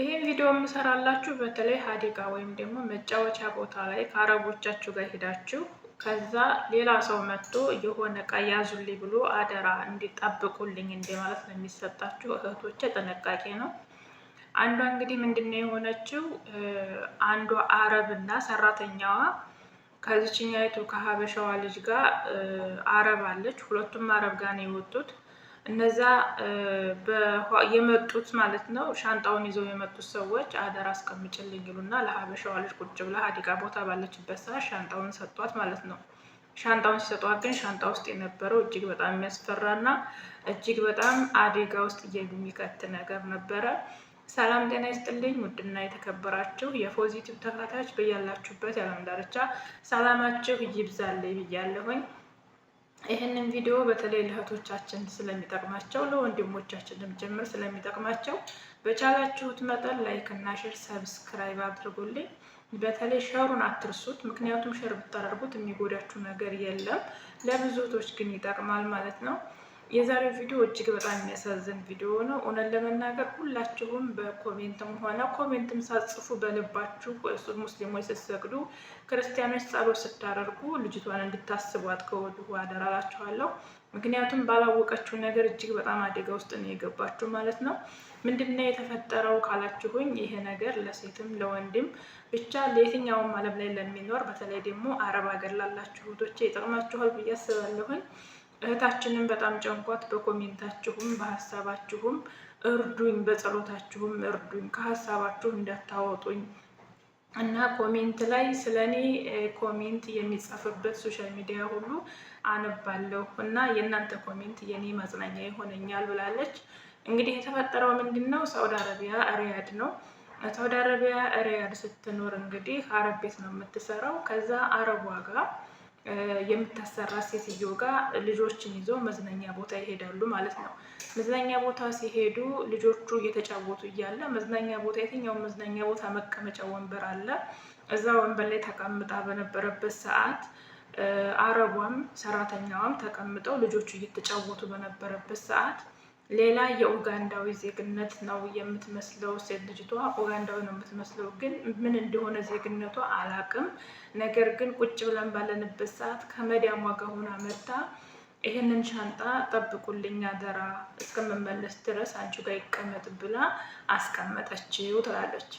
ይህን ቪዲዮ የምሰራላችሁ በተለይ ሀዲቃ ወይም ደግሞ መጫወቻ ቦታ ላይ ከአረቦቻችሁ ጋር ሄዳችሁ ከዛ ሌላ ሰው መጥቶ የሆነ እቃ ያዙልኝ ብሎ አደራ እንዲጠብቁልኝ እንደ ማለት ነው የሚሰጣችሁ እህቶቼ፣ ጥንቃቄ ነው። አንዷ እንግዲህ ምንድነው የሆነችው አንዷ አረብና ሰራተኛዋ ከዚችኛይቱ ከሀበሻዋ ልጅ ጋር አረብ አለች። ሁለቱም አረብ ጋር ነው የወጡት። እነዛ የመጡት ማለት ነው ሻንጣውን ይዘው የመጡት ሰዎች አደራ አስቀምጭልኝ ይሉና ለሀበሻዋ ልጅ ቁጭ ብላ ሀዲቃ ቦታ ባለችበት ሰዓት ሻንጣውን ሰጧት ማለት ነው። ሻንጣውን ሲሰጧት ግን ሻንጣ ውስጥ የነበረው እጅግ በጣም የሚያስፈራና እጅግ በጣም አደጋ ውስጥ የሚከት ነገር ነበረ። ሰላም ጤና ይስጥልኝ። ውድና የተከበራችሁ የፖዚቲቭ ተከታታዮች በያላችሁበት የዓለም ዳርቻ ሰላማችሁ ይብዛልኝ ብያለሁኝ። ይህንን ቪዲዮ በተለይ ለእህቶቻችን ስለሚጠቅማቸው ለወንድሞቻችንም ጭምር ስለሚጠቅማቸው በቻላችሁት መጠን ላይክ እና ሼር ሰብስክራይብ አድርጉልኝ። በተለይ ሸሩን አትርሱት፣ ምክንያቱም ሸር ብታደርጉት የሚጎዳችሁ ነገር የለም። ለብዙ እህቶች ግን ይጠቅማል ማለት ነው። የዛሬው ቪዲዮ እጅግ በጣም የሚያሳዝን ቪዲዮ ነው። እውነት ለመናገር ሁላችሁም በኮሜንትም ሆነ ኮሜንትም ሳጽፉ በልባችሁ ሙስሊሞች ስትሰግዱ፣ ክርስቲያኖች ጸሎት ስታደርጉ ልጅቷን እንድታስቧት ከወዲሁ አደራ ምክንያቱም ባላወቀችው ነገር እጅግ በጣም አደጋ ውስጥ ነው የገባችሁ ማለት ነው። ምንድነው የተፈጠረው ካላችሁኝ፣ ይሄ ነገር ለሴትም ለወንድም ብቻ ለየትኛውም ዓለም ላይ ለሚኖር በተለይ ደግሞ አረብ ሀገር ላላችሁ እህቶቼ ይጠቅማችኋል ብዬ አስባለሁኝ። እህታችንን በጣም ጨንቋት፣ በኮሜንታችሁም በሀሳባችሁም እርዱኝ፣ በጸሎታችሁም እርዱኝ፣ ከሀሳባችሁ እንዳታወጡኝ እና ኮሜንት ላይ ስለ እኔ ኮሜንት የሚጻፍበት ሶሻል ሚዲያ ሁሉ አነባለሁ እና የእናንተ ኮሜንት የኔ መጽናኛ ይሆነኛል ብላለች። እንግዲህ የተፈጠረው ምንድን ነው? ሳውዲ አረቢያ ሪያድ ነው። ሳውዲ አረቢያ ሪያድ ስትኖር እንግዲህ አረብ ቤት ነው የምትሰራው። ከዛ አረቧ ጋር የምታሰራ ሴትዮ ጋር ልጆችን ይዞ መዝናኛ ቦታ ይሄዳሉ ማለት ነው። መዝናኛ ቦታ ሲሄዱ ልጆቹ እየተጫወቱ እያለ መዝናኛ ቦታ የትኛውን መዝናኛ ቦታ መቀመጫ ወንበር አለ። እዛ ወንበር ላይ ተቀምጣ በነበረበት ሰዓት አረቧም ሰራተኛዋም ተቀምጠው ልጆቹ እየተጫወቱ በነበረበት ሰዓት ሌላ የኡጋንዳዊ ዜግነት ነው የምትመስለው ሴት ልጅቷ ኡጋንዳዊ ነው የምትመስለው፣ ግን ምን እንደሆነ ዜግነቷ አላቅም። ነገር ግን ቁጭ ብለን ባለንበት ሰዓት ከመዳሟ ጋር ሆና መታ ይህንን ሻንጣ ጠብቁልኝ አደራ እስከምመለስ ድረስ አንቺ ጋር ይቀመጥ ብላ አስቀመጠችው ትላለች።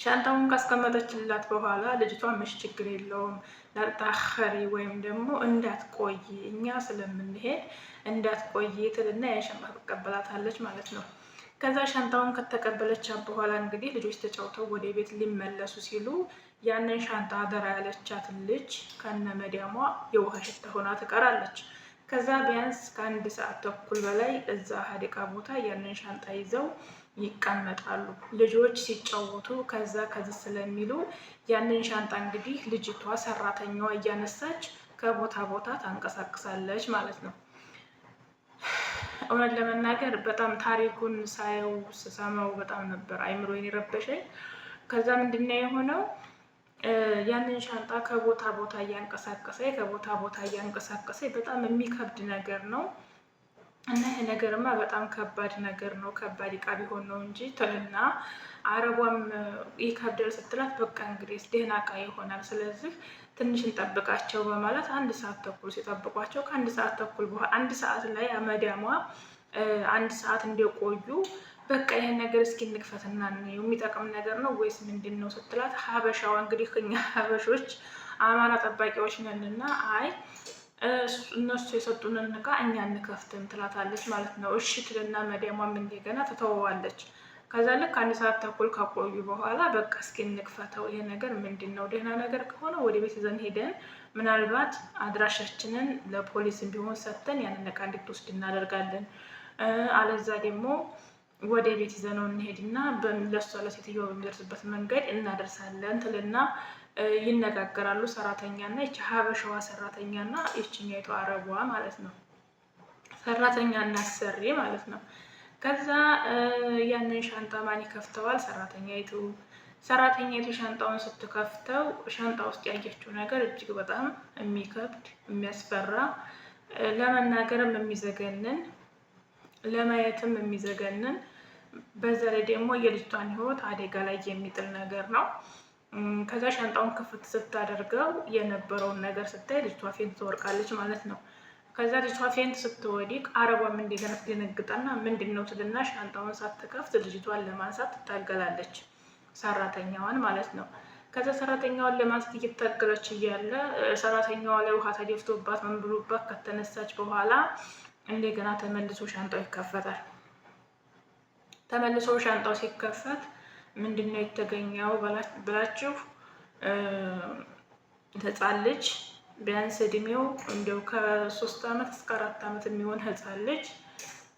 ሻንጣውን ካስቀመጠችላት በኋላ ልጅቷ ምሽ ችግር የለውም ላጣኸሪ ወይም ደግሞ እንዳትቆይ እኛ ስለምንሄድ እንዳትቆይ ትልና የሻንጣ ትቀበላታለች ማለት ነው። ከዛ ሻንጣውን ከተቀበለቻት በኋላ እንግዲህ ልጆች ተጫውተው ወደ ቤት ሊመለሱ ሲሉ ያንን ሻንጣ አደራ ያለቻትን ልጅ ከነ መዲያሟ የውሃ ሽታ ሆና ትቀራለች። ከዛ ቢያንስ ከአንድ ሰዓት ተኩል በላይ እዛ ሀዲቃ ቦታ ያንን ሻንጣ ይዘው ይቀመጣሉ። ልጆች ሲጫወቱ ከዛ ከዚህ ስለሚሉ ያንን ሻንጣ እንግዲህ ልጅቷ ሰራተኛዋ እያነሳች ከቦታ ቦታ ታንቀሳቅሳለች ማለት ነው። እውነት ለመናገር በጣም ታሪኩን ሳየው ስሰማው በጣም ነበር አይምሮዬን የረበሸኝ። ከዛ ምንድነው የሆነው ያንን ሻንጣ ከቦታ ቦታ እያንቀሳቀሰ ከቦታ ቦታ እያንቀሳቀሰ በጣም የሚከብድ ነገር ነው። እና ይሄ ነገርማ በጣም ከባድ ነገር ነው። ከባድ እቃ ቢሆን ነው እንጂ ትልና አረቧም ይከብዳል ስትላት፣ በቃ እንግዲህ ደህና እቃ ይሆናል፣ ስለዚህ ትንሽ እንጠብቃቸው በማለት አንድ ሰዓት ተኩል ሲጠብቋቸው ከአንድ ሰዓት ተኩል በኋላ አንድ ሰዓት ላይ መዳሟ አንድ ሰዓት እንደቆዩ በቃ ይሄን ነገር እስኪ እንክፈትና የሚጠቅም ነገር ነው ወይስ ምንድን ነው ስትላት፣ ሀበሻዋ እንግዲህ እኛ ሀበሾች አማራ ጠባቂዎች ነን እና አይ እነሱ የሰጡንን እቃ እኛ እንከፍትም ትላታለች ማለት ነው። እሺ ትልና መዲያሟም እንደገና ትተወዋለች። ከዛ ልክ አንድ ሰዓት ተኩል ከቆዩ በኋላ በቃ እስኪ እንክፈተው፣ ይሄ ነገር ምንድን ነው? ደህና ነገር ከሆነ ወደ ቤት ይዘን ሄደን ምናልባት አድራሻችንን ለፖሊስ ቢሆን ሰጥተን ያንን እቃ እንድትወስድ እናደርጋለን። አለዛ ደግሞ ወደ ቤት ይዘነው እንሄድና ለሷ ለሴትዮዋ በሚደርስበት መንገድ እናደርሳለን ትልና ይነጋገራሉ። ሰራተኛና ይቺ ሀበሻዋ ሰራተኛና ይችኛይቱ አረቧ ማለት ነው። ሰራተኛ እናሰሪ ማለት ነው። ከዛ ያንን ሻንጣ ማን ይከፍተዋል? ሰራተኛይቱ። ሰራተኛይቱ ሻንጣውን ስትከፍተው ሻንጣ ውስጥ ያየችው ነገር እጅግ በጣም የሚከብድ የሚያስፈራ ለመናገርም የሚዘገንን ለማየትም የሚዘገንን በዛ ላይ ደግሞ የልጅቷን ህይወት አደጋ ላይ የሚጥል ነገር ነው። ከዛ ሻንጣውን ክፍት ስታደርገው የነበረውን ነገር ስታይ ልጅቷ ፌንት ትወርቃለች ማለት ነው። ከዛ ልጅቷ ፌንት ስትወዲቅ አረቧም እንደገና ትደነግጣና ምንድን ነው ትልና ሻንጣውን ሳትከፍት ልጅቷን ለማንሳት ትታገላለች፣ ሰራተኛዋን ማለት ነው። ከዛ ሰራተኛዋን ለማንሳት እየታገለች እያለ ሰራተኛዋ ላይ ውሃ ተደፍቶባት ምን ብሎባት ከተነሳች በኋላ እንደገና ተመልሶ ሻንጣው ይከፈታል። ተመልሶ ሻንጣው ሲከፈት ምንድን ነው የተገኘው ብላችሁ ህፃን ልጅ ቢያንስ እድሜው እንደው ከሶስት አመት እስከ አራት አመት የሚሆን ህፃን ልጅ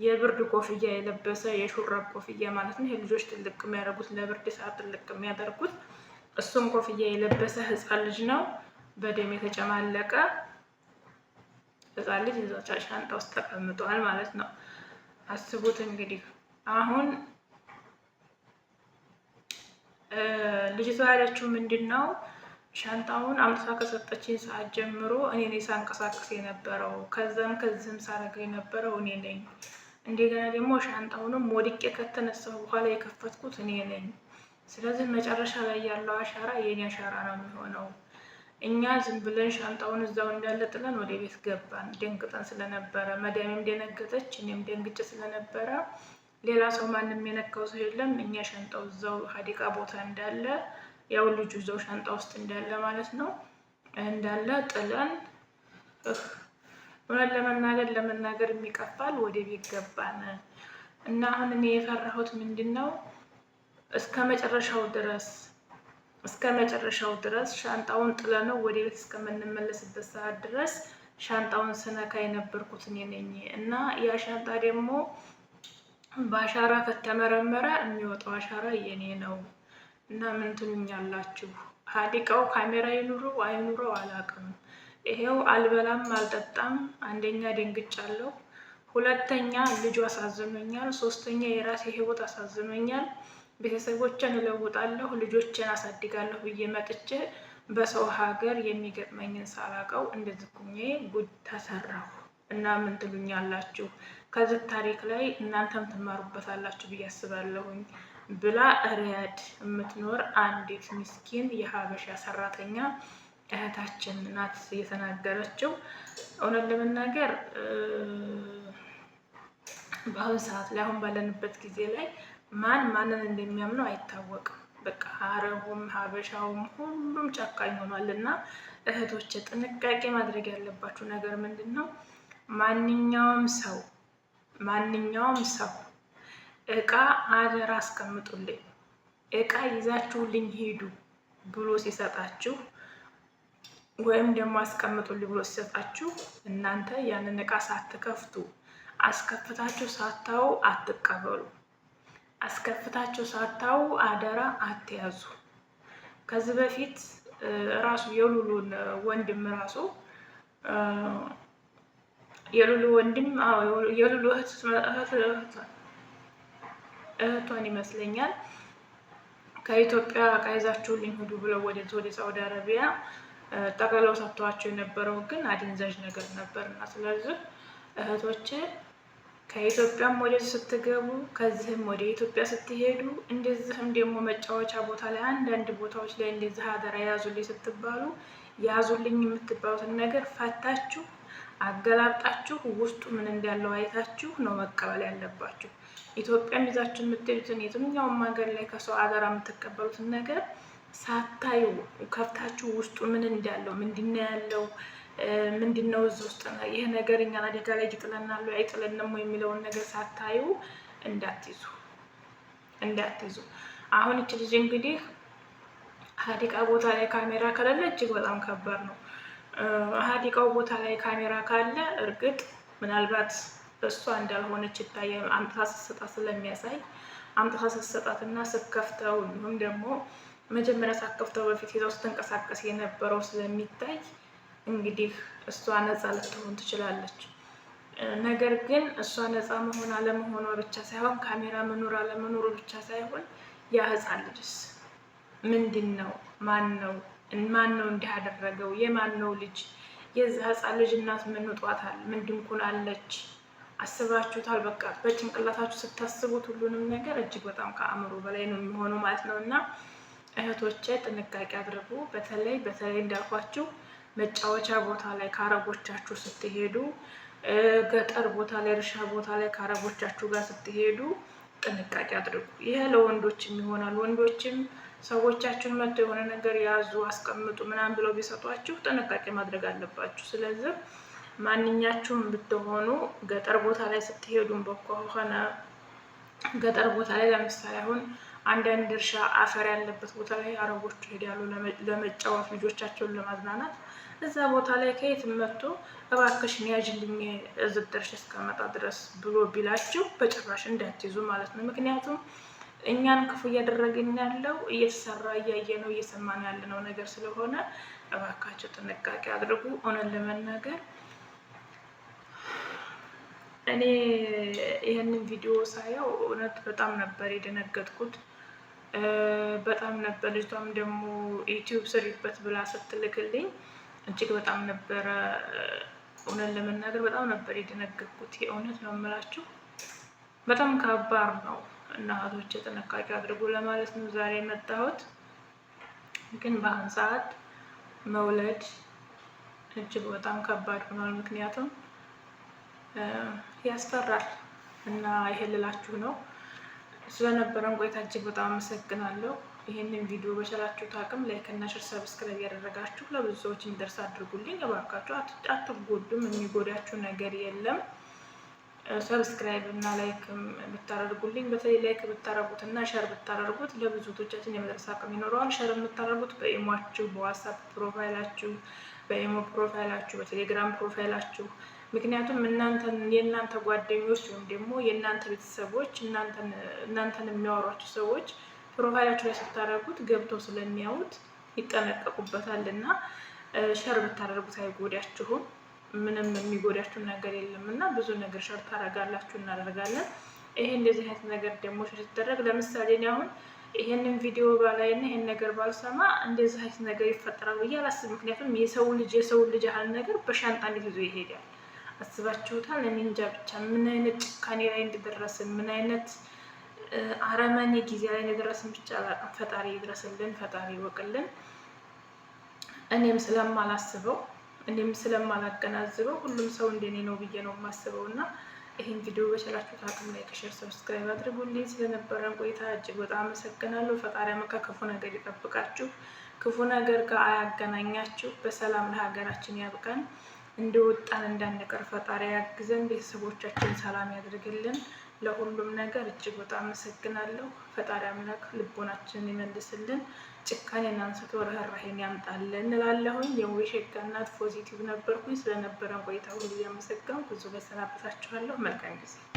የብርድ ኮፍያ የለበሰ የሹራብ ኮፍያ ማለት ነው። የልጆች ትልቅ የሚያደርጉት ለብርድ ሰዓት ትልቅ የሚያደርጉት እሱም ኮፍያ የለበሰ ህፃን ልጅ ነው በደም የተጨማለቀ ህፃን ልጅ እዛ ሻንጣ ውስጥ ተቀምጧል ማለት ነው። አስቡት እንግዲህ አሁን ልጅቷ ያለችው ምንድን ነው? ሻንጣውን አምጥታ ከሰጠችኝ ሰዓት ጀምሮ እኔ ነኝ ሳንቀሳቅስ የነበረው፣ ከዛም ከዚህም ሳረገ የነበረው እኔ ነኝ። እንደገና ደግሞ ሻንጣውንም ወድቄ ከተነሳሁ በኋላ የከፈትኩት እኔ ነኝ። ስለዚህ መጨረሻ ላይ ያለው አሻራ የእኔ አሻራ ነው የሚሆነው። እኛ ዝም ብለን ሻንጣውን እዛው እንዳለ ጥለን ወደ ቤት ገባን። ደንግጠን ስለነበረ መዳሜም ደነገጠች፣ እኔም ደንግጬ ስለነበረ ሌላ ሰው ማንም የነካው ሰው የለም። እኛ ሻንጣው እዛው ሀዲቃ ቦታ እንዳለ ያው ልጁ እዛው ሻንጣ ውስጥ እንዳለ ማለት ነው እንዳለ ጥለን እውነት ለመናገር ለመናገር የሚቀፋል ወደ ቤት ገባን እና አሁን እኔ የፈራሁት ምንድን ነው እስከ መጨረሻው ድረስ እስከ መጨረሻው ድረስ ሻንጣውን ጥለነው ወደ ቤት እስከምንመለስበት ሰዓት ድረስ ሻንጣውን ስነካ የነበርኩት እኔ ነኝ እና ያ ሻንጣ ደግሞ በአሻራ ከተመረመረ የሚወጣው አሻራ የኔ ነው እና ምን ትሉኛላችሁ? ሀዲቃው ካሜራ ይኑረው አይኑረው አላውቅም። ይሄው አልበላም አልጠጣም። አንደኛ ደንግጫለሁ፣ ሁለተኛ ልጁ አሳዝኖኛል፣ ሶስተኛ የራሴ ህይወት አሳዝኖኛል። ቤተሰቦችን እለውጣለሁ፣ ልጆችን አሳድጋለሁ ብዬ መጥቼ በሰው ሀገር የሚገጥመኝን ሳላቀው እንደዚህ ጉድ ተሰራሁ እና ምን ትሉኛላችሁ? ከዚህ ታሪክ ላይ እናንተም ትማሩበታላችሁ ብዬ አስባለሁኝ ብላ ሪያድ የምትኖር አንዲት ምስኪን የሀበሻ ሰራተኛ እህታችን ናት የተናገረችው። እውነት ለመናገር በአሁን ሰዓት ላይ አሁን ባለንበት ጊዜ ላይ ማን ማንን እንደሚያምነው አይታወቅም። በቃ አረቡም ሀበሻውም ሁሉም ጨካኝ ሆኗል። እና እህቶች ጥንቃቄ ማድረግ ያለባችሁ ነገር ምንድን ነው? ማንኛውም ሰው ማንኛውም ሰው እቃ አደራ አስቀምጡልኝ፣ እቃ ይዛችሁልኝ ሂዱ ብሎ ሲሰጣችሁ ወይም ደግሞ አስቀምጡልኝ ብሎ ሲሰጣችሁ እናንተ ያንን እቃ ሳትከፍቱ አስከፍታችሁ ሳታው አትቀበሉ። አስከፍታቸው ሳታው አደራ አትያዙ። ከዚህ በፊት ራሱ የሉሉን ወንድም ራሱ የሉሉ ወንድም የሉሉ እህቷን ይመስለኛል ከኢትዮጵያ ከይዛችሁልኝ ሁዱ ብለው ወደ ሳውዲ አረቢያ ጠቅልለው ሰጥተዋቸው የነበረው ግን አደንዛዥ ነገር ነበር እና ስለዚህ እህቶቼ ከኢትዮጵያም ወደ ስትገቡ ከዚህም ወደ ኢትዮጵያ ስትሄዱ እንደዚህም ደግሞ መጫወቻ ቦታ ላይ አንዳንድ ቦታዎች ላይ እንደዚህ ሀገራ ያዙልኝ ስትባሉ ያዙልኝ የምትባሉትን ነገር ፈታችሁ አገላብጣችሁ ውስጡ ምን እንዳለው አይታችሁ ነው መቀበል ያለባችሁ። ኢትዮጵያም ይዛችሁ የምትሄዱትን የትኛውም ሀገር ላይ ከሰው ሀገራ የምትቀበሉትን ነገር ሳታዩ ከፍታችሁ ውስጡ ምን እንዳለው ምንድነው ያለው ምንድን ነው እዚህ ውስጥ ይህ ነገር እኛን አደጋ ላይ ይጥለናሉ አይጥለንም የሚለውን ነገር ሳታዩ እንዳትይዙ እንዳትይዙ። አሁን እች ልጅ እንግዲህ ሀዲቃ ቦታ ላይ ካሜራ ከሌለ እጅግ በጣም ከባድ ነው። ሀዲቃው ቦታ ላይ ካሜራ ካለ እርግጥ ምናልባት እሷ እንዳልሆነች ይታያል። አምጥታ ስትሰጣት ስለሚያሳይ አምጥታ ስትሰጣትና ስትከፍተው እንዲሁም ደግሞ መጀመሪያ ሳከፍተው በፊት ይዘው ስትንቀሳቀስ የነበረው ስለሚታይ እንግዲህ እሷ ነፃ ልትሆን ትችላለች። ነገር ግን እሷ ነፃ መሆን አለመሆኗ ብቻ ሳይሆን ካሜራ መኖር አለመኖሩ ብቻ ሳይሆን ያ ህፃን ልጅስ ምንድን ነው? ማን ነው? ማን ነው እንዲህ ያደረገው? የማን ነው ልጅ? የዚህ ህፃን ልጅ እናት ምን ውጧታል? ምን ድንኩን አለች? አስባችሁታል? በቃ በጭንቅላታችሁ ስታስቡት ሁሉንም ነገር እጅግ በጣም ከአእምሮ በላይ ነው የሚሆነው ማለት ነው እና እህቶቼ ጥንቃቄ አድርጉ። በተለይ በተለይ እንዳልኳችሁ መጫወቻ ቦታ ላይ ከአረቦቻችሁ ስትሄዱ፣ ገጠር ቦታ ላይ፣ እርሻ ቦታ ላይ ከአረቦቻችሁ ጋር ስትሄዱ ጥንቃቄ አድርጉ። ይሄ ለወንዶችም ይሆናል። ወንዶችም ሰዎቻችሁን መጥቶ የሆነ ነገር ያዙ አስቀምጡ ምናምን ብለው ቢሰጧችሁ ጥንቃቄ ማድረግ አለባችሁ። ስለዚህ ማንኛችሁም ብትሆኑ ገጠር ቦታ ላይ ስትሄዱም በከሆነ ገጠር ቦታ ላይ ለምሳሌ አሁን አንዳንድ እርሻ አፈር ያለበት ቦታ ላይ አረቦቹ ይሄዳሉ ለመጫወት ልጆቻቸውን ለማዝናናት እዛ ቦታ ላይ ከየት መጥቶ እባክሽን ያዥልኝ እዚህ ደርሼ እስከመጣ ድረስ ብሎ ቢላችሁ በጭራሽ እንዳትይዙ ማለት ነው። ምክንያቱም እኛን ክፉ እያደረግን ያለው እየተሰራ እያየ ነው እየሰማን ያለነው ነገር ስለሆነ እባካቸው ጥንቃቄ አድርጉ። እውነት ለመናገር እኔ ይህንን ቪዲዮ ሳየው እውነት በጣም ነበር የደነገጥኩት። በጣም ነበር ልጅቷም ደግሞ ዩቲዩብ ስሪበት ብላ ስትልክልኝ እጅግ በጣም ነበረ እውነት ለመናገር በጣም ነበር የደነገጥኩት። የእውነት ነው የምላችሁ በጣም ከባድ ነው እናቶች እህቶቼ ጥንቃቄ አድርጉ ለማለት ነው ዛሬ የመጣሁት። ግን በአሁን ሰዓት መውለድ እጅግ በጣም ከባድ ሆኗል። ምክንያቱም ያስፈራል እና ይሄ ልላችሁ ነው። ስለነበረን ቆይታ እጅግ በጣም አመሰግናለሁ። ይህንን ቪዲዮ በቻላችሁ አቅም ላይክ እና ሼር ሰብስክራይብ ያደረጋችሁ ለብዙ ሰዎች እንዲደርስ አድርጉልኝ። እባካችሁ አትጎዱም፣ የሚጎዳችሁ ነገር የለም። ሰብስክራይብ እና ላይክ ብታደርጉልኝ በተለይ ላይክ ብታደርጉት እና ሸር ብታደርጉት ለብዙ ቶቻችን የመድረስ አቅም ይኖረዋል። ሸር የምታደርጉት በኢሟችሁ፣ በዋትሳፕ ፕሮፋይላችሁ፣ በኢሞ ፕሮፋይላችሁ፣ በቴሌግራም ፕሮፋይላችሁ ምክንያቱም እናንተን የእናንተ ጓደኞች ወይም ደግሞ የእናንተ ቤተሰቦች እናንተን የሚያወሯቸው ሰዎች ፕሮፋይላችሁ ላይ ስታደርጉት ገብተው ስለሚያዩት ይጠነቀቁበታል እና ሸር ብታደርጉት አይጎዳችሁም። ምንም የሚጎዳችሁ ነገር የለም እና ብዙ ነገር ሸር ታደርጋላችሁ እናደርጋለን። ይሄ እንደዚህ አይነት ነገር ደግሞ ሲደረግ ለምሳሌ እኔ አሁን ይሄንን ቪዲዮ ባላይ ባላይና ይሄን ነገር ባልሰማ እንደዚህ አይነት ነገር ይፈጠራል ብዬ አላስብ። ምክንያቱም የሰው ልጅ የሰው ልጅ ያህል ነገር በሻንጣ እንዴት ይዞ ይሄዳል? አስባችሁታል? እኔ እንጃ ብቻ ምን አይነት ጭካኔ ላይ እንደደረስን ምን አይነት አረመኔ ጊዜ ላይ የደረስን ብቻ ፈጣሪ ይድረስልን፣ ፈጣሪ ይወቅልን። እኔም ስለማላስበው እኔም ስለማላገናዝበው ሁሉም ሰው እንደኔ ነው ብዬ ነው የማስበው እና ይህን ቪዲዮ በቻላችሁ አቅም ላይ ከሸር ሰብስክራይብ አድርጉልኝ። ስለነበረን ቆይታ እጅግ በጣም አመሰግናለሁ። ፈጣሪ መካ ክፉ ነገር ይጠብቃችሁ፣ ክፉ ነገር ጋር አያገናኛችሁ፣ በሰላም ለሀገራችን ያብቃን። እንደወጣን እንዳንቀር ፈጣሪ ያግዘን፣ ቤተሰቦቻችን ሰላም ያድርግልን። ለሁሉም ነገር እጅግ በጣም አመሰግናለሁ። ፈጣሪ አምላክ ልቦናችንን ይመልስልን፣ ጭካኔን አንስቶ ርህራሄን ያምጣልን እንላለሁኝ። የሙቤ ሸጋ ፖዚቲቭ ነበርኩኝ። ስለነበረን ቆይታ ሁሉ እያመሰገንኩ ብዙ በሰናበታችኋለሁ። መልካም ጊዜ